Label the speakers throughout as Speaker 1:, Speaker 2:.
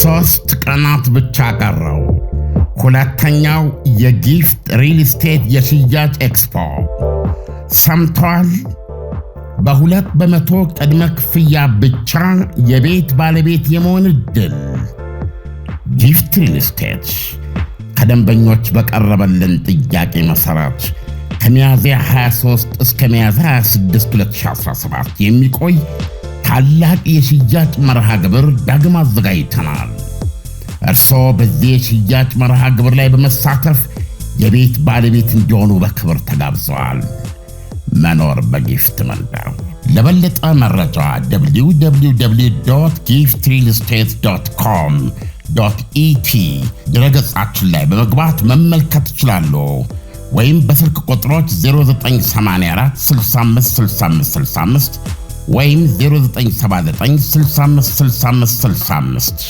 Speaker 1: ሶስት ቀናት ብቻ ቀረው። ሁለተኛው የጊፍት ሪል ስቴት የሽያጭ ኤክስፖ ሰምተዋል። በሁለት በመቶ ቅድመ ክፍያ ብቻ የቤት ባለቤት የመሆን እድል። ጊፍት ሪል ስቴት ከደንበኞች በቀረበልን ጥያቄ መሠረት ከሚያዝያ 23 እስከ ሚያዝያ 26 2017 የሚቆይ ታላቅ የሽያጭ መርሃ ግብር ዳግም አዘጋጅተናል። እርስዎ በዚህ የሽያጭ መርሃ ግብር ላይ በመሳተፍ የቤት ባለቤት እንዲሆኑ በክብር ተጋብዘዋል። መኖር በጊፍት መንደር። ለበለጠ መረጃ www ጊፍት ሪል ስቴት ዶት ኮም ዶት ኢቲ ድረገጻችን ላይ በመግባት መመልከት ይችላሉ። ወይም በስልክ ቁጥሮች 0984 65 65 65 ወይም 0979656565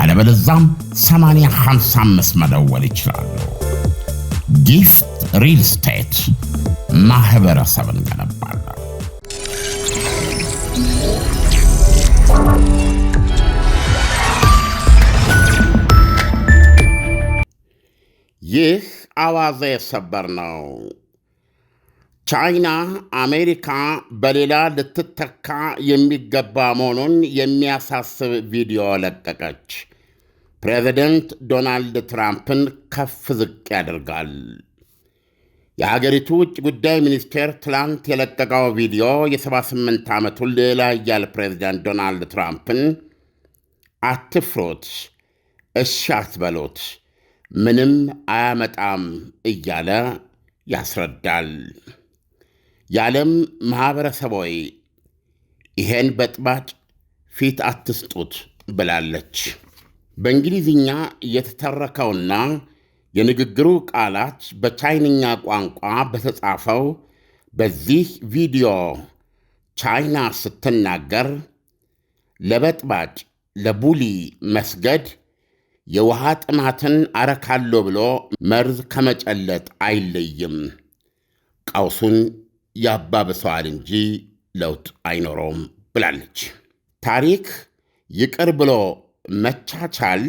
Speaker 1: አለበለዛም 855 መደወል ይችላሉ። ጊፍት ሪል ስቴት ማህበረሰብን ገነባለን።
Speaker 2: ይህ አዋዜ ሰበር ነው። ቻይና አሜሪካ በሌላ ልትተካ የሚገባ መሆኑን የሚያሳስብ ቪዲዮ ለቀቀች። ፕሬዚደንት ዶናልድ ትራምፕን ከፍ ዝቅ ያደርጋል። የሀገሪቱ ውጭ ጉዳይ ሚኒስቴር ትላንት የለቀቀው ቪዲዮ የ78 ዓመቱን ሌላ እያል ፕሬዚደንት ዶናልድ ትራምፕን አትፍሮት፣ እሺ አትበሎት፣ ምንም አያመጣም እያለ ያስረዳል። የዓለም ማኅበረሰቦይ ይሄን በጥባጭ ፊት አትስጡት ብላለች። በእንግሊዝኛ የተተረከውና የንግግሩ ቃላት በቻይንኛ ቋንቋ በተጻፈው በዚህ ቪዲዮ ቻይና ስትናገር ለበጥባጭ ለቡሊ መስገድ የውሃ ጥማትን አረካለሁ ብሎ መርዝ ከመጨለጥ አይለይም። ቀውሱን ያባብሰዋል እንጂ ለውጥ አይኖረውም ብላለች። ታሪክ ይቅር ብሎ መቻቻል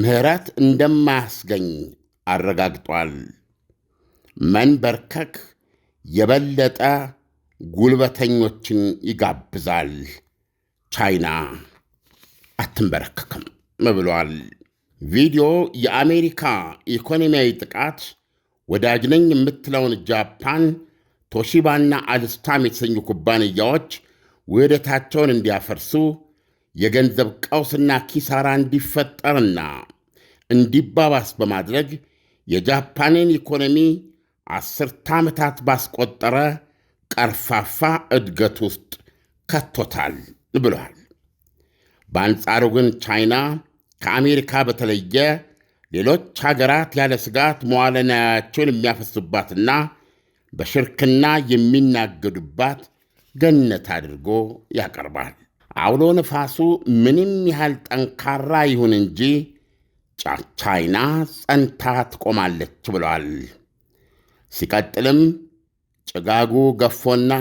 Speaker 2: ምሕረት እንደማያስገኝ አረጋግጧል። መንበርከክ የበለጠ ጉልበተኞችን ይጋብዛል። ቻይና አትንበረከክም ብሏል። ቪዲዮ የአሜሪካ ኢኮኖሚያዊ ጥቃት ወዳጅ ነኝ የምትለውን ጃፓን ቶሺባና አልስታም የተሰኙ ኩባንያዎች ውህደታቸውን እንዲያፈርሱ የገንዘብ ቀውስና ኪሳራ እንዲፈጠርና እንዲባባስ በማድረግ የጃፓንን ኢኮኖሚ አስርተ ዓመታት ባስቆጠረ ቀርፋፋ እድገት ውስጥ ከቶታል ብሏል። በአንጻሩ ግን ቻይና ከአሜሪካ በተለየ ሌሎች ሀገራት ያለ ስጋት መዋለ ንዋያቸውን የሚያፈሱባትና በሽርክና የሚናገዱባት ገነት አድርጎ ያቀርባል። አውሎ ነፋሱ ምንም ያህል ጠንካራ ይሁን እንጂ ቻይና ጸንታ ትቆማለች ብለዋል። ሲቀጥልም ጭጋጉ ገፎና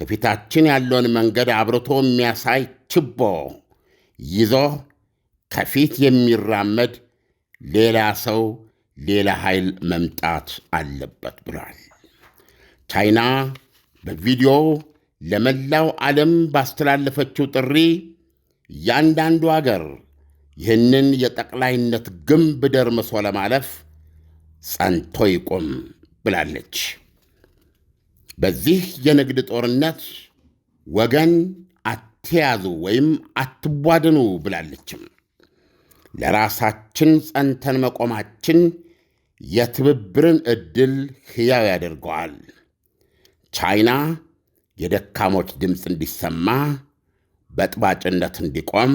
Speaker 2: ከፊታችን ያለውን መንገድ አብርቶ የሚያሳይ ችቦ ይዞ ከፊት የሚራመድ ሌላ ሰው ሌላ ኃይል መምጣት አለበት ብሏል። ቻይና በቪዲዮ ለመላው ዓለም ባስተላለፈችው ጥሪ እያንዳንዱ አገር ይህንን የጠቅላይነት ግንብ ደርምሶ ለማለፍ ጸንቶ ይቁም ብላለች። በዚህ የንግድ ጦርነት ወገን አትያዙ ወይም አትቧድኑ ብላለችም። ለራሳችን ጸንተን መቆማችን የትብብርን ዕድል ሕያው ያደርገዋል። ቻይና የደካሞች ድምፅ እንዲሰማ በጥባጭነት እንዲቆም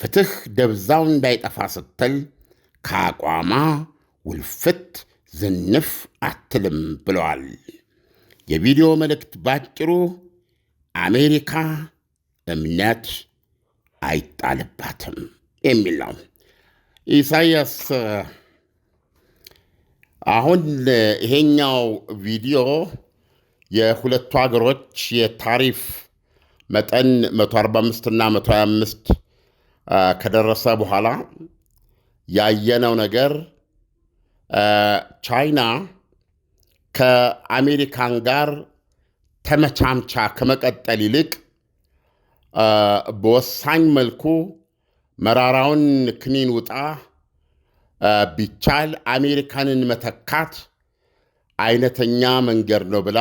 Speaker 2: ፍትሕ ደብዛው እንዳይጠፋ ስትል ከአቋማ ውልፍት ዝንፍ አትልም ብለዋል። የቪዲዮ መልእክት ባጭሩ አሜሪካ እምነት አይጣልባትም የሚል ነው። ኢሳያስ አሁን ይሄኛው ቪዲዮ የሁለቱ ሀገሮች የታሪፍ መጠን 145 እና 125 ከደረሰ በኋላ ያየነው ነገር ቻይና ከአሜሪካን ጋር ተመቻምቻ ከመቀጠል ይልቅ በወሳኝ መልኩ መራራውን ክኒን ውጣ ቢቻል አሜሪካንን መተካት አይነተኛ መንገድ ነው ብላ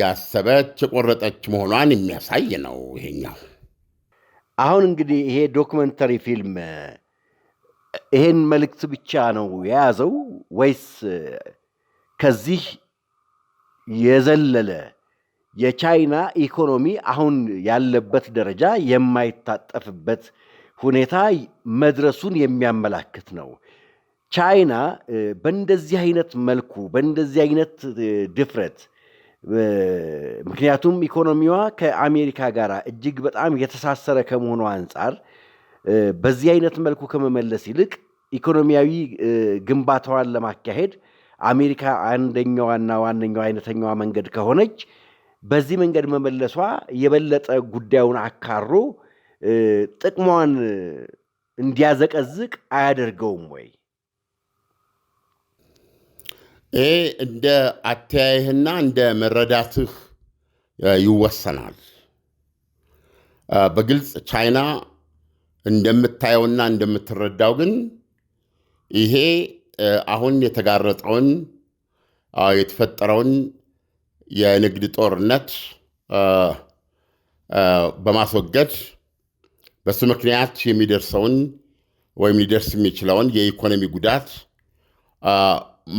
Speaker 2: ያሰበች የቆረጠች መሆኗን የሚያሳይ ነው ይሄኛው።
Speaker 3: አሁን እንግዲህ ይሄ ዶክመንተሪ ፊልም ይሄን መልእክት ብቻ ነው የያዘው ወይስ ከዚህ የዘለለ የቻይና ኢኮኖሚ አሁን ያለበት ደረጃ የማይታጠፍበት ሁኔታ መድረሱን የሚያመላክት ነው? ቻይና በእንደዚህ አይነት መልኩ በእንደዚህ አይነት ድፍረት ምክንያቱም ኢኮኖሚዋ ከአሜሪካ ጋር እጅግ በጣም የተሳሰረ ከመሆኑ አንጻር በዚህ አይነት መልኩ ከመመለስ ይልቅ ኢኮኖሚያዊ ግንባታዋን ለማካሄድ አሜሪካ አንደኛዋና ዋነኛዋ አይነተኛዋ መንገድ ከሆነች በዚህ መንገድ መመለሷ የበለጠ ጉዳዩን አካሮ ጥቅሟን እንዲያዘቀዝቅ አያደርገውም ወይ?
Speaker 2: ይሄ እንደ አተያይህና እንደ መረዳትህ ይወሰናል። በግልጽ ቻይና እንደምታየውና እንደምትረዳው ግን ይሄ አሁን የተጋረጠውን የተፈጠረውን የንግድ ጦርነት በማስወገድ በሱ ምክንያት የሚደርሰውን ወይም ሊደርስ የሚችለውን የኢኮኖሚ ጉዳት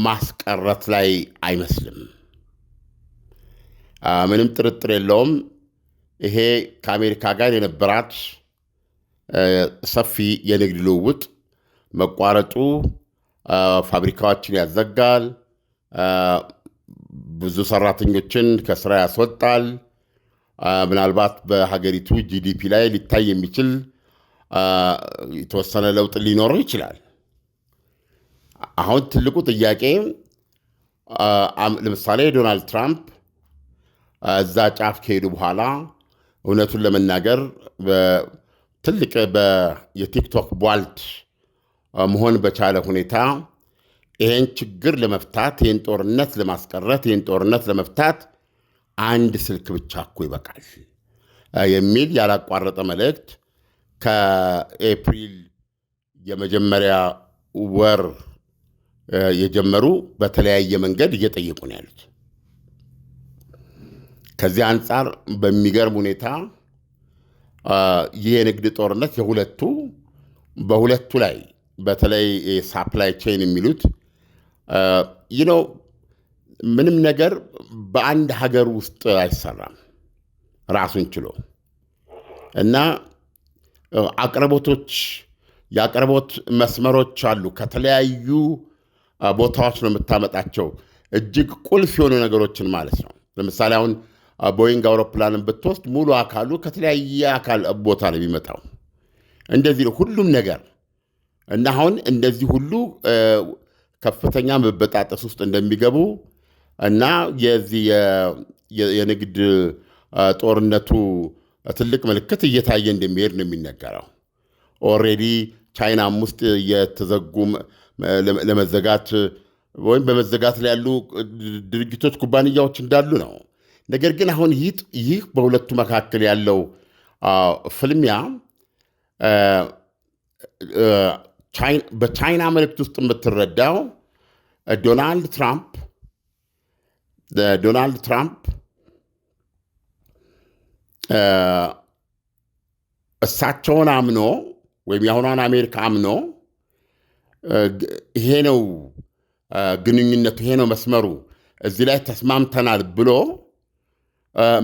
Speaker 2: ማስቀረት ላይ አይመስልም። ምንም ጥርጥር የለውም። ይሄ ከአሜሪካ ጋር የነበራት ሰፊ የንግድ ልውውጥ መቋረጡ ፋብሪካዎችን ያዘጋል፣ ብዙ ሰራተኞችን ከስራ ያስወጣል። ምናልባት በሀገሪቱ ጂዲፒ ላይ ሊታይ የሚችል የተወሰነ ለውጥ ሊኖረው ይችላል። አሁን ትልቁ ጥያቄ ለምሳሌ ዶናልድ ትራምፕ እዛ ጫፍ ከሄዱ በኋላ እውነቱን ለመናገር ትልቅ የቲክቶክ ቧልድ መሆን በቻለ ሁኔታ ይህን ችግር ለመፍታት ይህን ጦርነት ለማስቀረት ይህን ጦርነት ለመፍታት አንድ ስልክ ብቻ እኮ ይበቃል የሚል ያላቋረጠ መልእክት ከኤፕሪል የመጀመሪያ ወር የጀመሩ በተለያየ መንገድ እየጠየቁ ነው ያሉት። ከዚህ አንጻር በሚገርም ሁኔታ ይህ የንግድ ጦርነት የሁለቱ በሁለቱ ላይ በተለይ ሳፕላይ ቼን የሚሉት ይነው ምንም ነገር በአንድ ሀገር ውስጥ አይሰራም ራሱን ችሎ እና አቅርቦቶች የአቅርቦት መስመሮች አሉ ከተለያዩ ቦታዎች ነው የምታመጣቸው፣ እጅግ ቁልፍ የሆኑ ነገሮችን ማለት ነው። ለምሳሌ አሁን ቦይንግ አውሮፕላንን ብትወስድ ሙሉ አካሉ ከተለያየ አካል ቦታ ነው የሚመጣው። እንደዚህ ነው ሁሉም ነገር እና አሁን እንደዚህ ሁሉ ከፍተኛ መበጣጠስ ውስጥ እንደሚገቡ እና የዚህ የንግድ ጦርነቱ ትልቅ ምልክት እየታየ እንደሚሄድ ነው የሚነገረው። ኦልሬዲ ቻይናም ውስጥ የተዘጉ ለመዘጋት ወይም በመዘጋት ላይ ያሉ ድርጅቶች፣ ኩባንያዎች እንዳሉ ነው። ነገር ግን አሁን ይህ በሁለቱ መካከል ያለው ፍልሚያ በቻይና መልእክት ውስጥ የምትረዳው ዶናልድ ትራምፕ ዶናልድ ትራምፕ እሳቸውን አምኖ ወይም የአሁኗን አሜሪካ አምኖ ይሄ ነው ግንኙነቱ፣ ይሄ ነው መስመሩ፣ እዚህ ላይ ተስማምተናል ብሎ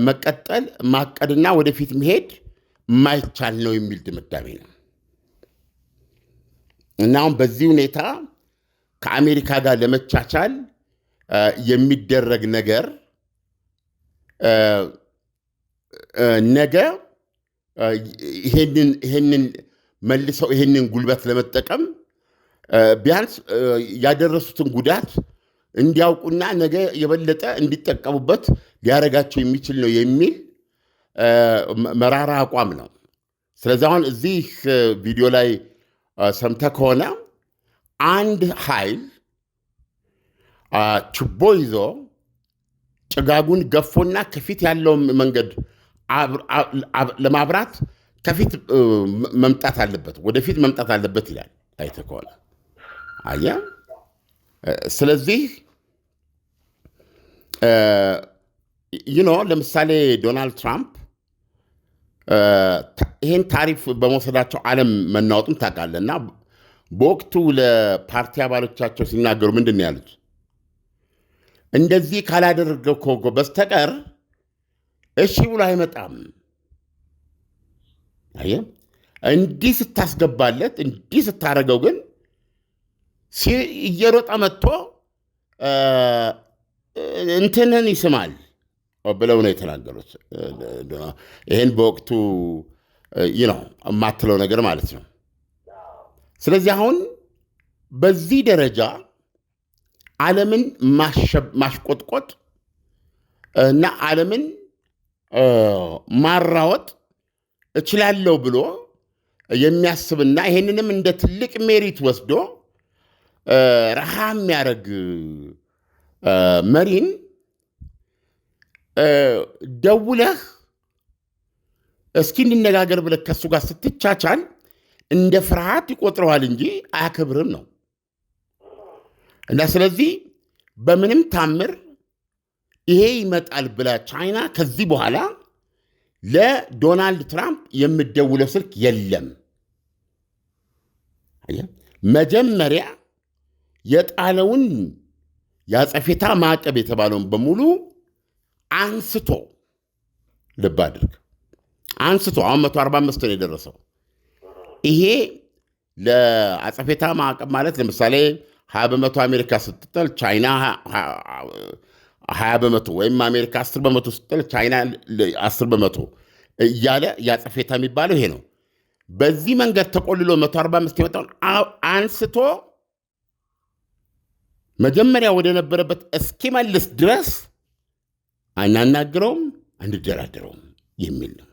Speaker 2: መቀጠል ማቀድና ወደፊት መሄድ የማይቻል ነው የሚል ድምዳሜ ነው እና አሁን በዚህ ሁኔታ ከአሜሪካ ጋር ለመቻቻል የሚደረግ ነገር ነገ ይሄንን መልሰው ይሄንን ጉልበት ለመጠቀም ቢያንስ ያደረሱትን ጉዳት እንዲያውቁና ነገ የበለጠ እንዲጠቀሙበት ሊያደርጋቸው የሚችል ነው የሚል መራራ አቋም ነው። ስለዚህ አሁን እዚህ ቪዲዮ ላይ ሰምተ ከሆነ አንድ ኃይል ችቦ ይዞ ጭጋጉን ገፎና ከፊት ያለውን መንገድ ለማብራት ከፊት መምጣት አለበት፣ ወደፊት መምጣት አለበት ይላል አይተህ ከሆነ አየ። ስለዚህ ይኖ ለምሳሌ ዶናልድ ትራምፕ ይህን ታሪፍ በመውሰዳቸው ዓለም መናወጡም ታውቃለህ እና በወቅቱ ለፓርቲ አባሎቻቸው ሲናገሩ ምንድን ነው ያሉት? እንደዚህ ካላደረገው ኮጎ በስተቀር እሺ ብሎ አይመጣም። አየህ፣ እንዲህ ስታስገባለት፣ እንዲህ ስታደረገው ግን እየሮጠ መጥቶ እንትንህን ይስማል ብለው ነው የተናገሩት። ይህን በወቅቱ ነው የማትለው ነገር ማለት ነው። ስለዚህ አሁን በዚህ ደረጃ ዓለምን ማሽቆጥቆጥ እና ዓለምን ማራወጥ እችላለሁ ብሎ የሚያስብና ይህንንም እንደ ትልቅ ሜሪት ወስዶ ረሃ የሚያደርግ መሪን ደውለህ እስኪ እንነጋገር ብለህ ከእሱ ጋር ስትቻቻል እንደ ፍርሃት ይቆጥረዋል እንጂ አያከብርም ነው እና ስለዚህ በምንም ታምር ይሄ ይመጣል ብላ ቻይና ከዚህ በኋላ ለዶናልድ ትራምፕ የምደውለው ስልክ የለም። መጀመሪያ የጣለውን የአጸፌታ ማዕቀብ የተባለውን በሙሉ አንስቶ ልብ አድርግ አንስቶ አሁን 145 ነው የደረሰው። ይሄ ለአጸፌታ ማዕቀብ ማለት ለምሳሌ ሀያ በመቶ አሜሪካ ስትጥል ቻይና ሀያ በመቶ ወይም አሜሪካ አስር በመቶ ስትጥል ቻይና አስር በመቶ እያለ የአጸፌታ የሚባለው ይሄ ነው። በዚህ መንገድ ተቆልሎ 145 የመጣውን አንስቶ መጀመሪያ ወደ ነበረበት እስኪመልስ ድረስ አናናግረውም፣ አንደራደረውም የሚል ነው።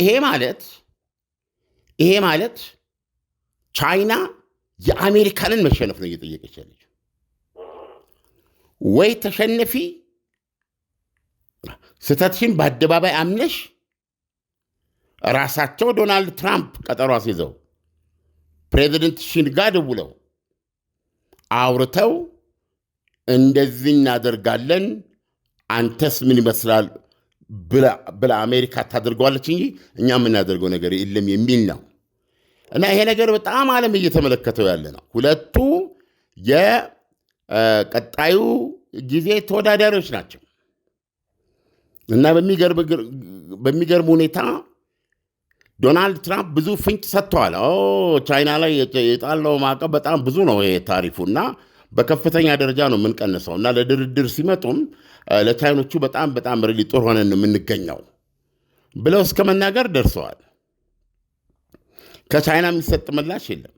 Speaker 2: ይሄ ማለት ይሄ ማለት ቻይና የአሜሪካንን መሸነፍ ነው እየጠየቀች ያለች። ወይ ተሸነፊ ስህተትሽን በአደባባይ አምነሽ ራሳቸው ዶናልድ ትራምፕ ቀጠሮ አስይዘው ፕሬዚደንትሽን ጋር ደውለው አውርተው እንደዚህ እናደርጋለን አንተስ ምን ይመስላል ብላ አሜሪካ ታደርገዋለች እንጂ እኛ የምናደርገው ነገር የለም የሚል ነው እና ይሄ ነገር በጣም ዓለም እየተመለከተው ያለ ነው። ሁለቱ የቀጣዩ ጊዜ ተወዳዳሪዎች ናቸው እና በሚገርም ሁኔታ ዶናልድ ትራምፕ ብዙ ፍንጭ ሰጥተዋል። ቻይና ላይ የጣለው ማዕቀብ በጣም ብዙ ነው ይሄ ታሪፉ እና በከፍተኛ ደረጃ ነው የምንቀንሰው እና ለድርድር ሲመጡም ለቻይኖቹ በጣም በጣም ሪሊ ጦር ሆነን የምንገኘው ብለው እስከ መናገር ደርሰዋል። ከቻይና የሚሰጥ ምላሽ የለም።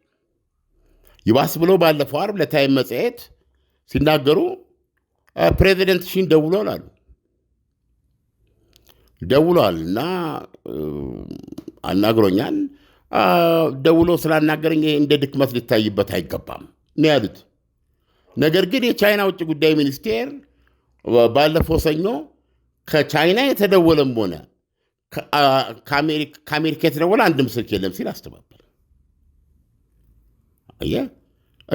Speaker 2: ይባስ ብሎ ባለፈው አርብ ለታይም መጽሔት ሲናገሩ ፕሬዚደንት ሺን ደውሏል አሉ ደውሏል እና አናግሮኛል። ደውሎ ስላናገረኝ እንደ ድክመት ሊታይበት አይገባም ነው ያሉት። ነገር ግን የቻይና ውጭ ጉዳይ ሚኒስቴር ባለፈው ሰኞ ከቻይና የተደወለም ሆነ ከአሜሪካ የተደወለ አንድም ስልክ የለም ሲል አስተባበል።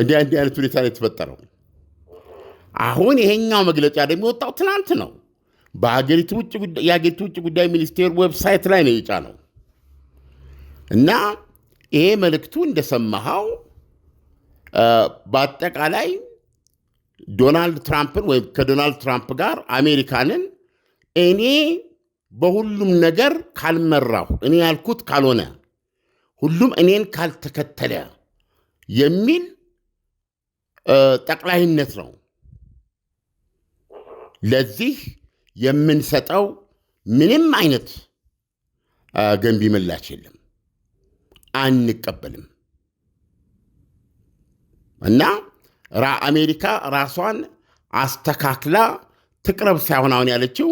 Speaker 2: እንዲህ እንዲህ አይነት ሁኔታ ነው የተፈጠረው። አሁን ይሄኛው መግለጫ ደግሞ የወጣው ትናንት ነው። የሀገሪቱ ውጭ ጉዳይ ሚኒስቴር ዌብሳይት ላይ ነው የጫነው። እና ይሄ መልእክቱ እንደሰማኸው በአጠቃላይ ዶናልድ ትራምፕን ወይም ከዶናልድ ትራምፕ ጋር አሜሪካንን እኔ በሁሉም ነገር ካልመራሁ እኔ ያልኩት ካልሆነ ሁሉም እኔን ካልተከተለ የሚል ጠቅላይነት ነው። ለዚህ የምንሰጠው ምንም አይነት ገንቢ ምላሽ የለም። አንቀበልም እና አሜሪካ ራሷን አስተካክላ ትቅረብ ሳይሆን አሁን ያለችው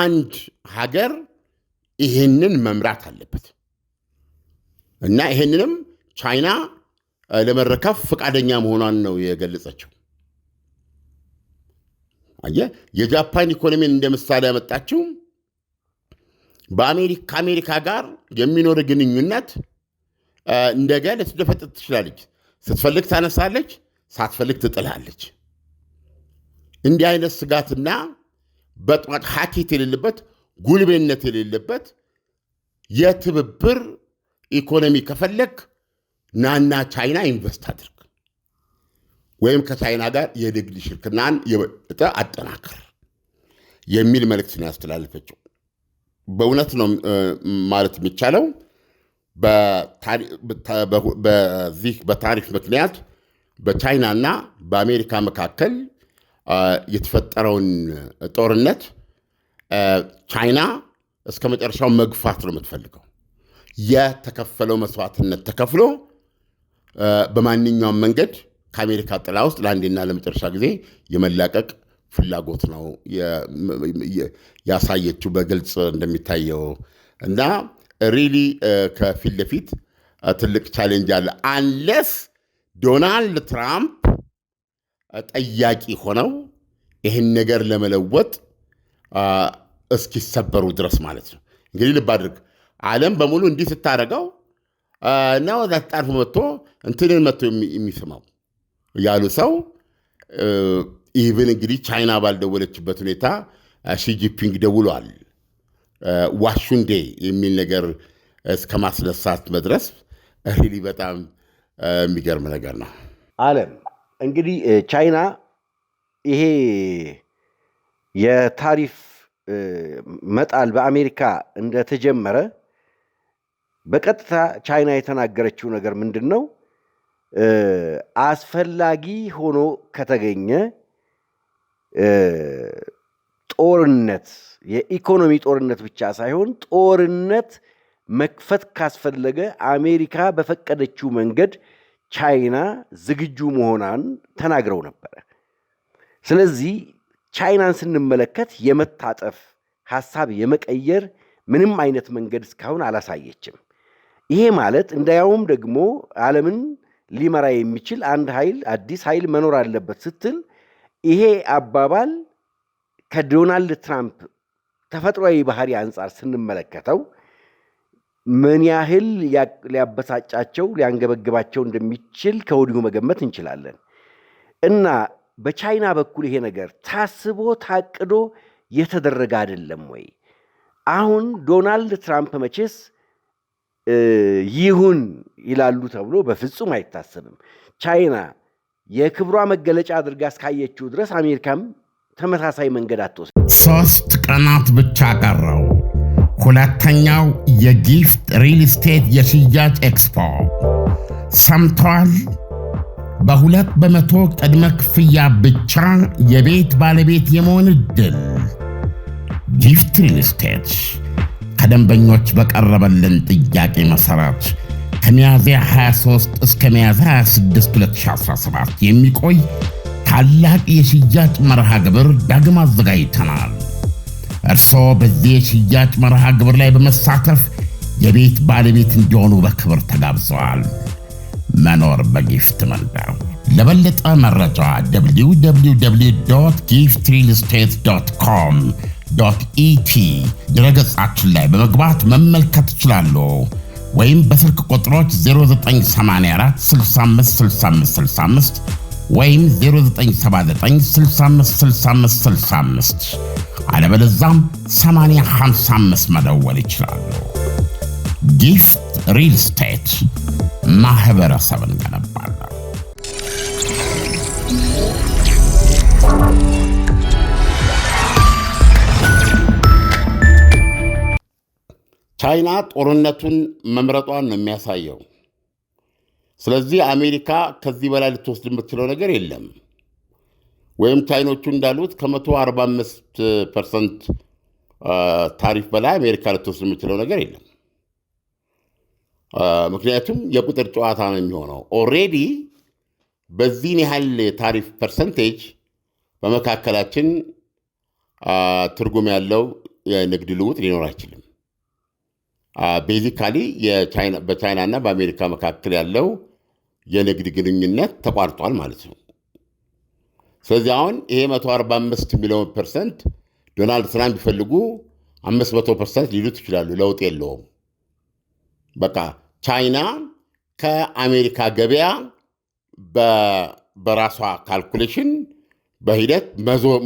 Speaker 2: አንድ ሀገር ይህንን መምራት አለበት እና ይህንንም ቻይና ለመረከብ ፈቃደኛ መሆኗን ነው የገለጸችው። አየ የጃፓን ኢኮኖሚን እንደ ምሳሌ ያመጣችው ከአሜሪካ ጋር የሚኖር ግንኙነት እንደጋ ልትደፈጥጥ ትችላለች። ስትፈልግ ታነሳለች፣ ሳትፈልግ ትጥላለች። እንዲህ አይነት ስጋትና በጥዋት ሀኬት የሌለበት ጉልቤነት የሌለበት የትብብር ኢኮኖሚ ከፈለግ ናና ቻይና ኢንቨስት አድርግ ወይም ከቻይና ጋር የንግድ ሽርክናን የበለጠ አጠናክር የሚል መልእክት ነው ያስተላለፈችው። በእውነት ነው ማለት የሚቻለው። በዚህ በታሪፍ ምክንያት በቻይናና በአሜሪካ መካከል የተፈጠረውን ጦርነት ቻይና እስከ መጨረሻው መግፋት ነው የምትፈልገው። የተከፈለው መስዋዕትነት ተከፍሎ በማንኛውም መንገድ ከአሜሪካ ጥላ ውስጥ ለአንዴና ለመጨረሻ ጊዜ የመላቀቅ ፍላጎት ነው ያሳየችው በግልጽ እንደሚታየው እና ሪሊ ከፊት ለፊት ትልቅ ቻሌንጅ አለ። አንለስ ዶናልድ ትራምፕ ጠያቂ ሆነው ይህን ነገር ለመለወጥ እስኪሰበሩ ድረስ ማለት ነው። እንግዲህ ልብ አድርግ፣ ዓለም በሙሉ እንዲህ ስታደርገው ነው ዛጣርፉ መጥቶ እንትንን መጥቶ የሚስማው ያሉ ሰው ኢቭን እንግዲህ ቻይና ባልደወለችበት ሁኔታ ሺጂፒንግ ደውሏል። ዋሹንዴ uh, የሚል ነገር እስከ ማስነሳት መድረስ ሪሊ በጣም uh, የሚገርም ነገር ነው።
Speaker 3: አለም እንግዲህ uh, ቻይና ይሄ የታሪፍ መጣል በአሜሪካ እንደተጀመረ በቀጥታ ቻይና የተናገረችው ነገር ምንድን ነው? አስፈላጊ ሆኖ ከተገኘ ጦርነት የኢኮኖሚ ጦርነት ብቻ ሳይሆን ጦርነት መክፈት ካስፈለገ አሜሪካ በፈቀደችው መንገድ ቻይና ዝግጁ መሆኗን ተናግረው ነበረ። ስለዚህ ቻይናን ስንመለከት የመታጠፍ ሀሳብ የመቀየር ምንም አይነት መንገድ እስካሁን አላሳየችም። ይሄ ማለት እንዳያውም ደግሞ ዓለምን ሊመራ የሚችል አንድ ኃይል አዲስ ኃይል መኖር አለበት ስትል ይሄ አባባል ከዶናልድ ትራምፕ ተፈጥሯዊ ባህሪ አንጻር ስንመለከተው ምን ያህል ሊያበሳጫቸው ሊያንገበግባቸው እንደሚችል ከወዲሁ መገመት እንችላለን እና በቻይና በኩል ይሄ ነገር ታስቦ ታቅዶ የተደረገ አይደለም ወይ? አሁን ዶናልድ ትራምፕ መቼስ ይሁን ይላሉ ተብሎ በፍጹም አይታሰብም። ቻይና የክብሯ መገለጫ አድርጋ እስካየችው ድረስ አሜሪካም ተመሳሳይ መንገድ አትወስድ።
Speaker 1: ሶስት ቀናት ብቻ ቀረው። ሁለተኛው የጊፍት ሪል ስቴት የሽያጭ ኤክስፖ ሰምተዋል። በሁለት በመቶ ቅድመ ክፍያ ብቻ የቤት ባለቤት የመሆን እድል። ጊፍት ሪል ስቴት ከደንበኞች በቀረበልን ጥያቄ መሠረት ከሚያዝያ 23 እስከ ሚያዝያ 26 2017 የሚቆይ ታላቅ የሽያጭ መርሃ ግብር ዳግም አዘጋጅተናል። እርስዎ በዚህ የሽያጭ መርሃ ግብር ላይ በመሳተፍ የቤት ባለቤት እንዲሆኑ በክብር ተጋብዘዋል። መኖር በጊፍት መንደር። ለበለጠ መረጃ www ጊፍት ሪል ስቴት ዶት ኮም ዶት ኢቲ ድረገጻችን ላይ በመግባት መመልከት ይችላሉ ወይም በስልክ ቁጥሮች 0984 65 65 65 ወይም 0979656565 አለበለዛም 855 መደወል ይችላሉ። ጊፍት ሪል ስቴት ማህበረሰብን ገነባለን።
Speaker 2: ቻይና ጦርነቱን መምረጧን ነው የሚያሳየው። ስለዚህ አሜሪካ ከዚህ በላይ ልትወስድ የምትለው ነገር የለም። ወይም ቻይኖቹ እንዳሉት ከ145 ፐርሰንት ታሪፍ በላይ አሜሪካ ልትወስድ የምትለው ነገር የለም። ምክንያቱም የቁጥር ጨዋታ ነው የሚሆነው። ኦሬዲ በዚህን ያህል ታሪፍ ፐርሰንቴጅ በመካከላችን ትርጉም ያለው የንግድ ልውጥ ሊኖር አይችልም። ቤዚካሊ በቻይና እና በአሜሪካ መካከል ያለው የንግድ ግንኙነት ተቋርጧል ማለት ነው። ስለዚህ አሁን ይሄ 145 ሚሊዮን ፐርሰንት ዶናልድ ትራምፕ ቢፈልጉ 500 ፐርሰንት ሊሉት ይችላሉ። ለውጥ የለውም። በቃ ቻይና ከአሜሪካ ገበያ በራሷ ካልኩሌሽን በሂደት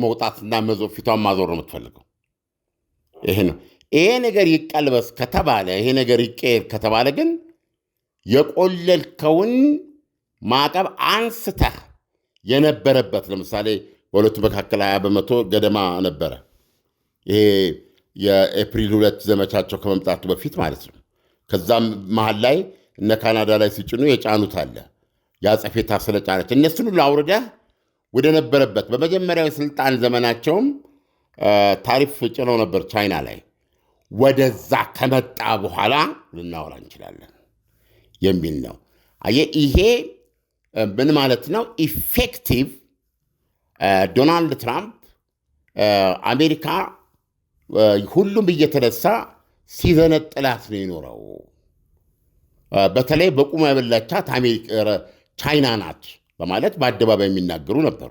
Speaker 2: መውጣትና ፊቷን ማዞር ነው የምትፈልገው። ይሄ ነው። ይሄ ነገር ይቀልበስ ከተባለ ይሄ ነገር ይቀየር ከተባለ ግን የቆለልከውን ማዕቀብ አንስተህ የነበረበት ለምሳሌ በሁለቱ መካከል ሀያ በመቶ ገደማ ነበረ። ይሄ የኤፕሪል ሁለት ዘመቻቸው ከመምጣቱ በፊት ማለት ነው። ከዛም መሀል ላይ እነ ካናዳ ላይ ሲጭኑ የጫኑት አለ የአጸፌታ ስለጫነች እነሱን ሁሉ አውርደህ ወደ ነበረበት በመጀመሪያው የስልጣን ዘመናቸውም ታሪፍ ጭነው ነበር ቻይና ላይ። ወደዛ ከመጣ በኋላ ልናወራ እንችላለን የሚል ነው። አየህ ይሄ ምን ማለት ነው? ኢፌክቲቭ ዶናልድ ትራምፕ አሜሪካ ሁሉም እየተነሳ ሲዘነጥላት ነው የኖረው። በተለይ በቁም ያበላቻት ቻይና ናት በማለት በአደባባይ የሚናገሩ ነበሩ።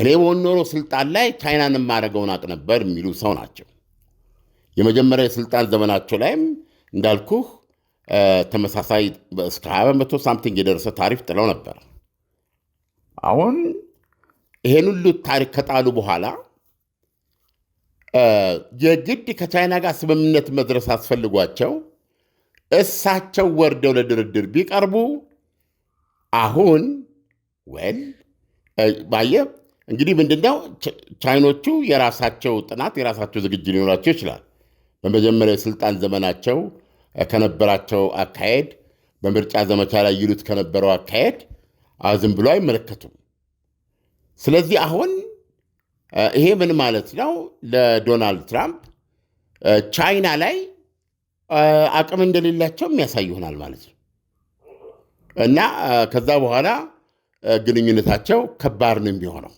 Speaker 2: እኔ በኖሮ ኖሮ ስልጣን ላይ ቻይናን የማደርገውን አቅ ነበር የሚሉ ሰው ናቸው። የመጀመሪያ የስልጣን ዘመናቸው ላይም እንዳልኩህ ተመሳሳይ እስከ 20 በመቶ ሳምቲንግ የደረሰ ታሪፍ ጥለው ነበር። አሁን ይሄን ሁሉ ታሪክ ከጣሉ በኋላ የግድ ከቻይና ጋር ስምምነት መድረስ አስፈልጓቸው እሳቸው ወርደው ለድርድር ቢቀርቡ አሁን ወል ባየ እንግዲህ ምንድነው ቻይኖቹ የራሳቸው ጥናት የራሳቸው ዝግጅት ሊኖራቸው ይችላል። በመጀመሪያ የስልጣን ዘመናቸው ከነበራቸው አካሄድ በምርጫ ዘመቻ ላይ ይሉት ከነበረው አካሄድ ዝም ብሎ አይመለከቱም። ስለዚህ አሁን ይሄ ምን ማለት ነው? ለዶናልድ ትራምፕ ቻይና ላይ አቅም እንደሌላቸው የሚያሳይ ይሆናል ማለት ነው እና ከዛ በኋላ ግንኙነታቸው ከባድ ነው የሚሆነው።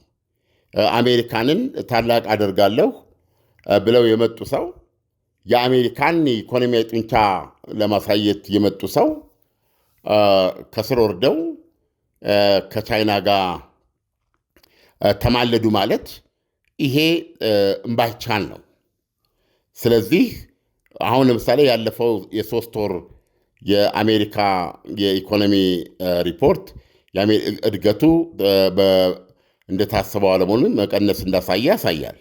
Speaker 2: አሜሪካንን ታላቅ አደርጋለሁ ብለው የመጡ ሰው የአሜሪካን የኢኮኖሚ ጡንቻ ለማሳየት የመጡ ሰው ከስር ወርደው ከቻይና ጋር ተማለዱ ማለት ይሄ እምባይቻን ነው። ስለዚህ አሁን ለምሳሌ ያለፈው የሶስት ወር የአሜሪካ የኢኮኖሚ ሪፖርት እድገቱ እንደታሰበው አለመሆኑን መቀነስ እንዳሳየ ያሳያል።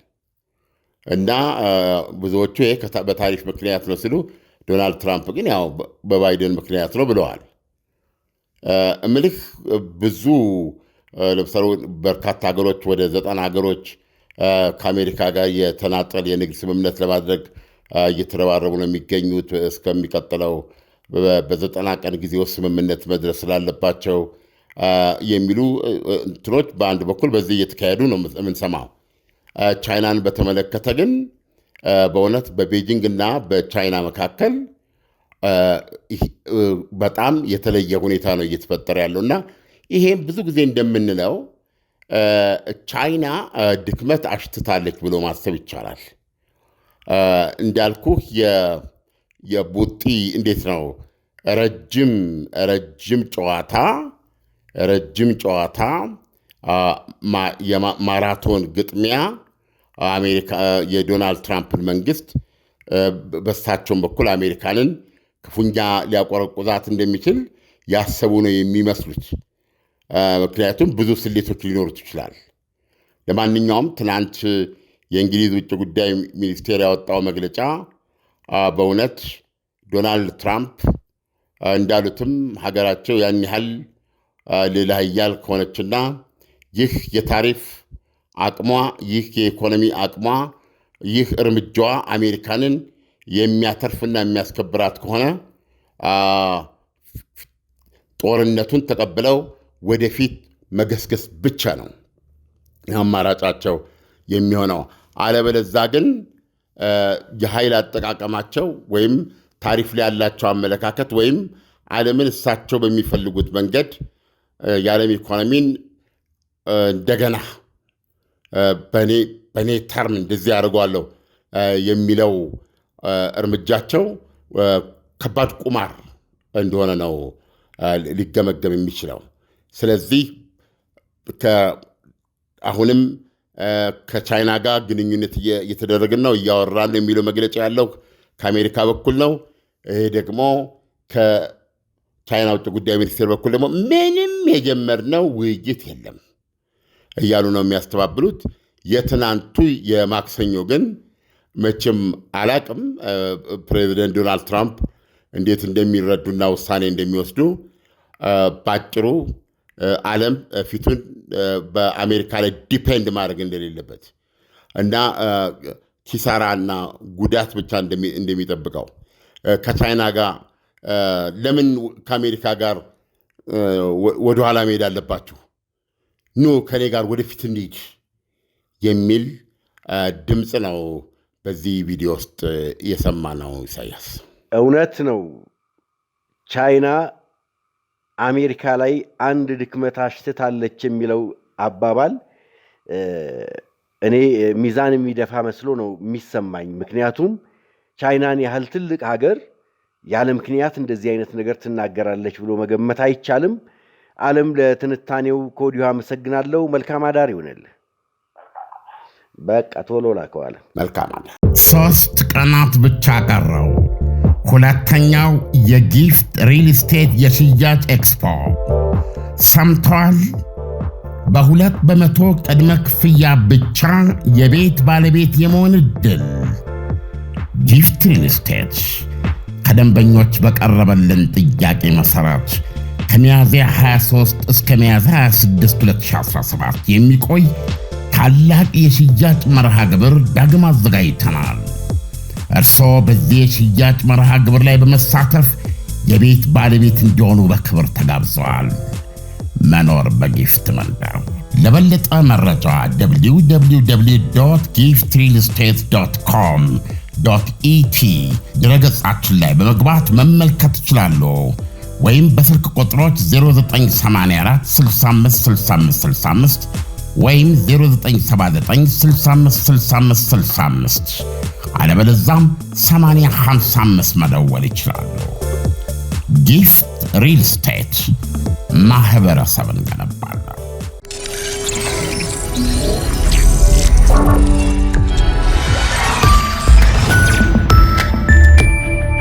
Speaker 2: እና ብዙዎቹ ይሄ በታሪፍ ምክንያት ነው ሲሉ፣ ዶናልድ ትራምፕ ግን ያው በባይደን ምክንያት ነው ብለዋል። እምልህ ብዙ ለምሳሌ በርካታ ሀገሮች ወደ ዘጠና ሀገሮች ከአሜሪካ ጋር የተናጠል የንግድ ስምምነት ለማድረግ እየተረባረቡ ነው የሚገኙት። እስከሚቀጥለው በዘጠና ቀን ጊዜ ውስጥ ስምምነት መድረስ ስላለባቸው የሚሉ እንትኖች በአንድ በኩል በዚህ እየተካሄዱ ነው የምንሰማው። ቻይናን በተመለከተ ግን በእውነት በቤጂንግ እና በቻይና መካከል በጣም የተለየ ሁኔታ ነው እየተፈጠረ ያለው እና ይሄም ብዙ ጊዜ እንደምንለው ቻይና ድክመት አሽትታለች ብሎ ማሰብ ይቻላል። እንዳልኩህ የቡጢ እንዴት ነው ረጅም ረጅም ጨዋታ ረጅም ጨዋታ ማራቶን ግጥሚያ አሜሪካ የዶናልድ ትራምፕን መንግስት በሳቸውን በኩል አሜሪካንን ክፉኛ ሊያቆረቁዛት እንደሚችል ያሰቡ ነው የሚመስሉት። ምክንያቱም ብዙ ስሌቶች ሊኖሩት ይችላል። ለማንኛውም ትናንት የእንግሊዝ ውጭ ጉዳይ ሚኒስቴር ያወጣው መግለጫ በእውነት ዶናልድ ትራምፕ እንዳሉትም ሀገራቸው ያን ያህል ሌላ ሀያል ከሆነችና ይህ የታሪፍ አቅሟ፣ ይህ የኢኮኖሚ አቅሟ፣ ይህ እርምጃዋ አሜሪካንን የሚያተርፍና የሚያስከብራት ከሆነ ጦርነቱን ተቀብለው ወደፊት መገስገስ ብቻ ነው አማራጫቸው የሚሆነው። አለበለዛ ግን የኃይል አጠቃቀማቸው ወይም ታሪፍ ላይ ያላቸው አመለካከት ወይም ዓለምን እሳቸው በሚፈልጉት መንገድ የዓለም ኢኮኖሚን እንደገና በእኔ ተርም እንደዚህ ያደርጓለሁ የሚለው እርምጃቸው ከባድ ቁማር እንደሆነ ነው ሊገመገም የሚችለው። ስለዚህ አሁንም ከቻይና ጋር ግንኙነት እየተደረግን ነው እያወራን የሚለው መግለጫ ያለው ከአሜሪካ በኩል ነው። ይሄ ደግሞ ከቻይና ውጭ ጉዳይ ሚኒስቴር በኩል ደግሞ ምንም የጀመርነው ውይይት የለም። እያሉ ነው የሚያስተባብሉት። የትናንቱ የማክሰኞ ግን መቼም አላቅም ፕሬዚደንት ዶናልድ ትራምፕ እንዴት እንደሚረዱና ውሳኔ እንደሚወስዱ። በአጭሩ ዓለም ፊቱን በአሜሪካ ላይ ዲፔንድ ማድረግ እንደሌለበት እና ኪሳራና ጉዳት ብቻ እንደሚጠብቀው ከቻይና ጋር ለምን ከአሜሪካ ጋር ወደኋላ መሄድ አለባችሁ? ኑ ከኔ ጋር ወደፊት እንሂድ የሚል ድምፅ ነው በዚህ ቪዲዮ ውስጥ የሰማ ነው። ኢሳያስ
Speaker 3: እውነት ነው። ቻይና አሜሪካ ላይ አንድ ድክመት አሽትታለች የሚለው አባባል እኔ ሚዛን የሚደፋ መስሎ ነው የሚሰማኝ። ምክንያቱም ቻይናን ያህል ትልቅ ሀገር ያለ ምክንያት እንደዚህ አይነት ነገር ትናገራለች ብሎ መገመት አይቻልም። አለም ለትንታኔው ከወዲሁ አመሰግናለሁ። መልካም አዳር ይሆነል። በቃ ቶሎ ላከዋል። መልካም
Speaker 1: አዳር። ሶስት ቀናት ብቻ ቀረው። ሁለተኛው የጊፍት ሪል ስቴት የሽያጭ ኤክስፖ ሰምተዋል። በሁለት በመቶ ቅድመ ክፍያ ብቻ የቤት ባለቤት የመሆን እድል። ጊፍት ሪል ስቴት ከደንበኞች በቀረበልን ጥያቄ መሠረት ከሚያዝያ 23 እስከ ሚያዝያ 26 2017 የሚቆይ ታላቅ የሽያጭ መርሃ ግብር ዳግም አዘጋጅተናል። እርስዎ በዚህ የሽያጭ መርሃ ግብር ላይ በመሳተፍ የቤት ባለቤት እንዲሆኑ በክብር ተጋብዘዋል። መኖር በጊፍት መልዳ። ለበለጠ መረጃ www ጊፍት ሪል ስቴት ዶት ኮም ዶት ኢቲ ድረገጻችን ላይ በመግባት መመልከት ትችላለሁ። ወይም በስልክ ቁጥሮች 0984656565 ወይም 0979656565 አለበለዛም 855 መደወል ይችላሉ። ጊፍት ሪል ስቴት ማህበረሰብን ገነባል።